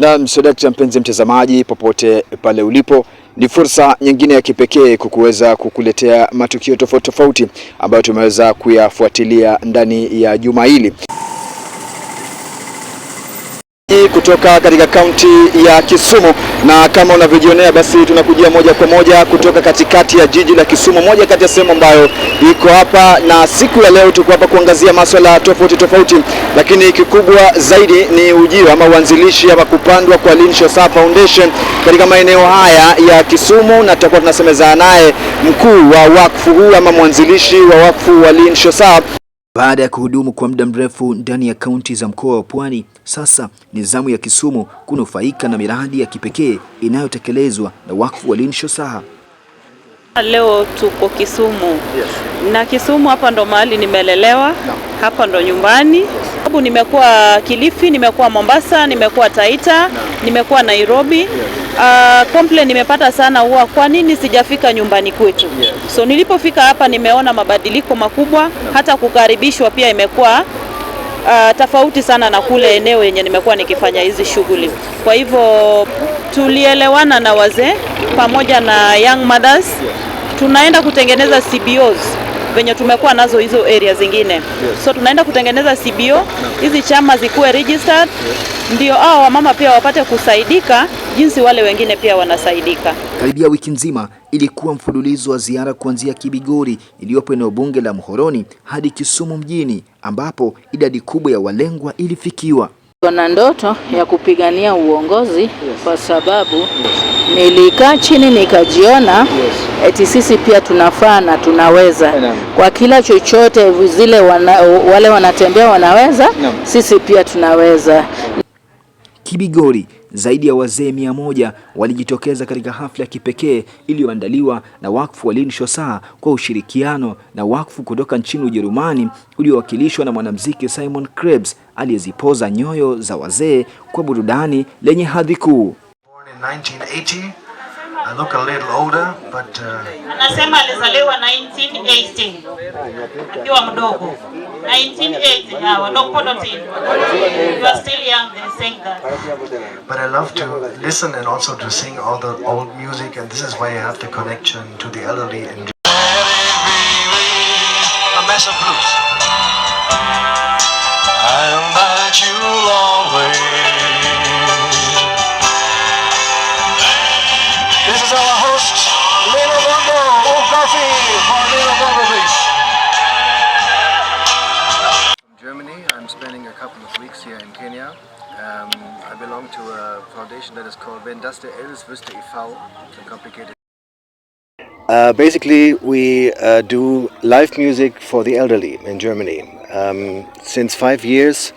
na msodakta, mpenzi mtazamaji, popote pale ulipo, ni fursa nyingine ya kipekee kukuweza kukuletea matukio tofauti tofauti ambayo tumeweza kuyafuatilia ndani ya juma hili kutoka katika kaunti ya Kisumu, na kama unavyojionea basi tunakujia moja kwa moja kutoka katikati ya jiji la Kisumu, moja kati ya sehemu ambayo iko hapa, na siku ya leo tuko hapa kuangazia masuala tofauti tofauti, lakini kikubwa zaidi ni ujio ama uanzilishi ama kupandwa kwa Lynn Shossah Foundation katika maeneo haya ya Kisumu, na tutakuwa tunasemezana naye mkuu wa wakfu huu ama mwanzilishi wa wakfu wa Lynn Shossah baada ya kuhudumu kwa muda mrefu ndani ya kaunti za mkoa wa Pwani, sasa ni zamu ya Kisumu kunufaika na miradi ya kipekee inayotekelezwa na wakfu wa Linsho Saha. Leo tuko Kisumu. Yes. Na Kisumu hapa ndo mahali nimelelewa. No. Hapa ndo nyumbani. Yes. Sababu nimekuwa Kilifi, nimekuwa Mombasa, nimekuwa Taita, no. Nimekuwa Nairobi. Yes. Uh, nimepata sana huwa kwa nini sijafika nyumbani kwetu? So nilipofika hapa nimeona mabadiliko makubwa, hata kukaribishwa pia imekuwa uh, tofauti sana na kule eneo yenye nimekuwa nikifanya hizi shughuli. Kwa hivyo tulielewana na wazee pamoja na young mothers, tunaenda kutengeneza CBOs venye tumekuwa nazo hizo area zingine. So tunaenda kutengeneza CBO hizi chama zikuwe registered, ndio hao wamama pia wapate kusaidika jinsi wale wengine pia wanasaidika. Karibia wiki nzima ilikuwa mfululizo wa ziara kuanzia Kibigori iliyopo eneo bunge la Muhoroni hadi Kisumu mjini ambapo idadi kubwa ya walengwa ilifikiwa. Wana ndoto ya kupigania uongozi kwa sababu nilikaa chini nikajiona eti sisi pia tunafaa na tunaweza kwa kila chochote zile wana, wale wanatembea wanaweza sisi pia tunaweza. Kibigori zaidi ya wazee mia moja walijitokeza katika hafla ya kipekee iliyoandaliwa na wakfu wa Shosa kwa ushirikiano na wakfu kutoka nchini Ujerumani uliowakilishwa na mwanamuziki Simon Krebs aliyezipoza nyoyo za wazee kwa burudani lenye hadhi kuu. Uh, Anasema alizaliwa akiwa mdogo. 1980, You are still young and sing that. But I love to listen and also to sing all the old music, and this is why I have the connection to the elderly and. A mess of blues. This is our host, Old Coffee for Um, I belong to a foundation that is called Wenn das der Elvis e.V. It's a complicated. Uh, basically, we uh, do live music for the elderly in Germany. Um, since five years,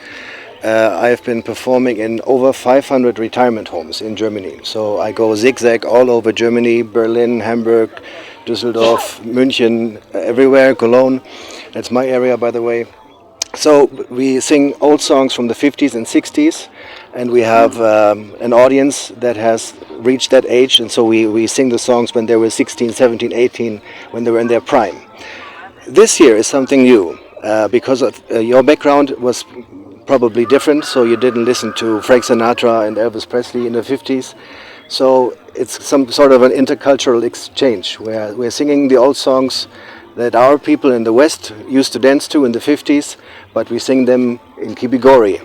uh, I've been performing in over 500 retirement homes in Germany. So I go zigzag all over Germany, Berlin, Hamburg, Düsseldorf, München, everywhere, Cologne. That's my area, by the way. So we sing old songs from the 50s and 60s, and we have um, an audience that has reached that age, and so we, we sing the songs when they were 16, 17, 18, when they were in their prime. This year is something new uh, because of, uh, your background was probably different, so you didn't listen to Frank Sinatra and Elvis Presley in the 50s. So it's some sort of an intercultural exchange where we're singing the old songs that our people in the West used to dance to in the 50s, but we sing them in Kibigori,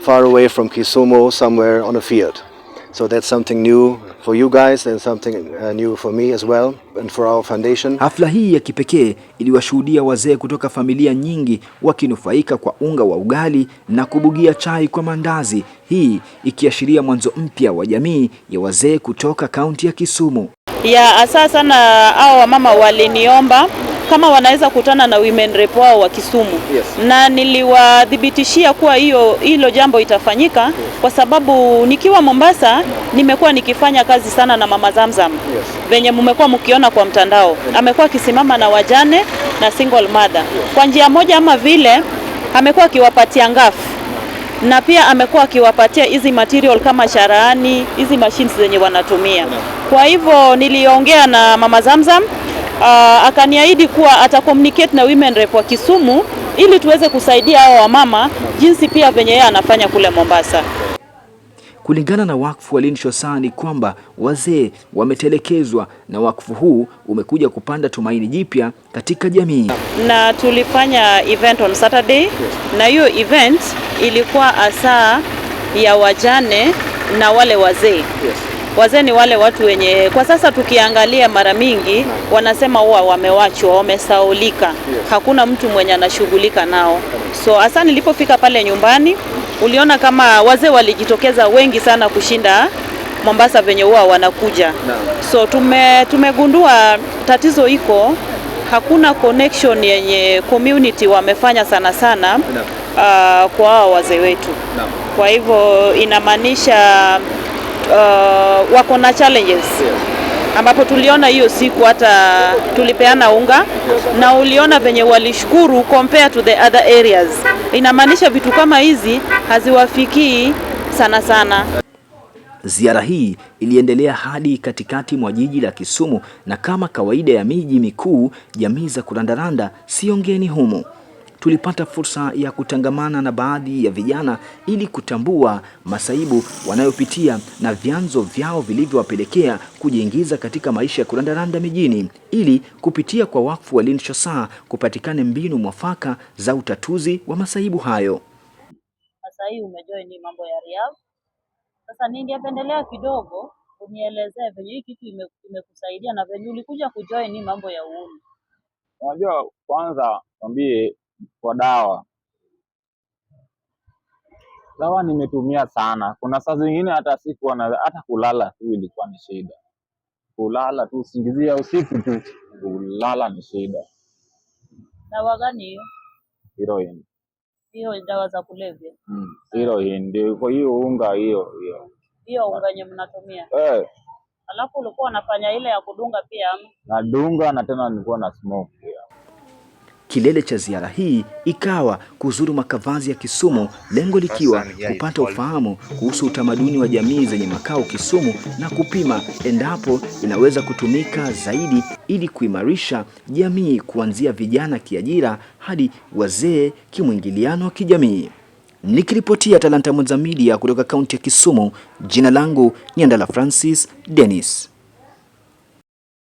far away from Kisumu, somewhere on a field. So that's something new for you guys and something uh, new for me as well and for our foundation. Hafla hii ya kipekee iliwashuhudia wazee kutoka familia nyingi wakinufaika kwa unga wa ugali na kubugia chai kwa mandazi, hii ikiashiria mwanzo mpya wa jamii ya wazee kutoka kaunti ya Kisumu. Ya, asa sana hao wamama waliniomba kama wanaweza kutana na women rep wao wa Kisumu yes. Na niliwadhibitishia kuwa hiyo hilo jambo itafanyika yes. Kwa sababu nikiwa Mombasa Nimekuwa nikifanya kazi sana na mama Zamzam yes. Venye mmekuwa mkiona kwa mtandao yes. Amekuwa akisimama na wajane na single mother yes. Kwa njia moja ama vile amekuwa akiwapatia ngafu na pia amekuwa akiwapatia hizi material kama sharaani hizi machines zenye wanatumia. Kwa hivyo niliongea na mama Zamzam uh, akaniahidi kuwa ata communicate na women rep wa Kisumu ili tuweze kusaidia hao wamama jinsi pia venye yeye anafanya kule Mombasa. Kulingana na wakfu wa Lynn ni kwamba wazee wametelekezwa na wakfu huu umekuja kupanda tumaini jipya katika jamii. Na tulifanya event on Saturday Na hiyo event ilikuwa asaa ya wajane na wale wazee yes. Wazee ni wale watu wenye kwa sasa tukiangalia, mara mingi wanasema huwa wamewachwa, wamesaulika, hakuna mtu mwenye anashughulika nao. So hasa nilipofika pale nyumbani, uliona kama wazee walijitokeza wengi sana kushinda Mombasa venye huwa wanakuja. So tume, tumegundua tatizo iko hakuna connection yenye community wamefanya sana sana uh, kwa wazee wetu. Kwa hivyo inamaanisha uh, wako na challenges ambapo tuliona hiyo siku hata tulipeana unga na uliona venye walishukuru compare to the other areas. Inamaanisha vitu kama hizi haziwafikii sana sana. Ziara hii iliendelea hadi katikati mwa jiji la Kisumu, na kama kawaida ya miji mikuu, jamii za kurandaranda sio ngeni humu tulipata fursa ya kutangamana na baadhi ya vijana ili kutambua masaibu wanayopitia na vyanzo vyao vilivyowapelekea kujiingiza katika maisha ya kurandaranda mijini, ili kupitia kwa wakfu wa Linshosa kupatikane mbinu mwafaka za utatuzi wa masaibu hayo. Sasa hii umejoin ni mambo ya Riyadh. Sasa ningependelea kidogo unielezee venye hii kitu imekusaidia na venye ulikuja kujoin ni mambo ya uuni. Unajua, kwanza mwambie kwa dawa. Dawa nimetumia sana, kuna saa zingine hata siku hata kulala tu ilikuwa ni shida, kulala tu usingizia usiku tu kulala ni shida. Dawa gani hiyo? Heroin. Hiyo dawa za kulevya. Mm, heroin ndio kwa hiyo unga hiyo hiyo. Hiyo unga yenyewe mnatumia. Eh. Alafu ulikuwa unafanya ile ya kudunga pia? Nadunga na tena nilikuwa na smoke. Kilele cha ziara hii ikawa kuzuru makavazi ya Kisumu, lengo likiwa kupata ufahamu kuhusu utamaduni wa jamii zenye makao Kisumu na kupima endapo inaweza kutumika zaidi ili kuimarisha jamii kuanzia vijana kiajira hadi wazee kimwingiliano wa kijamii. Nikiripotia Talanta Mwanza Media kutoka kaunti ya Kisumu, jina langu Andala Francis Dennis.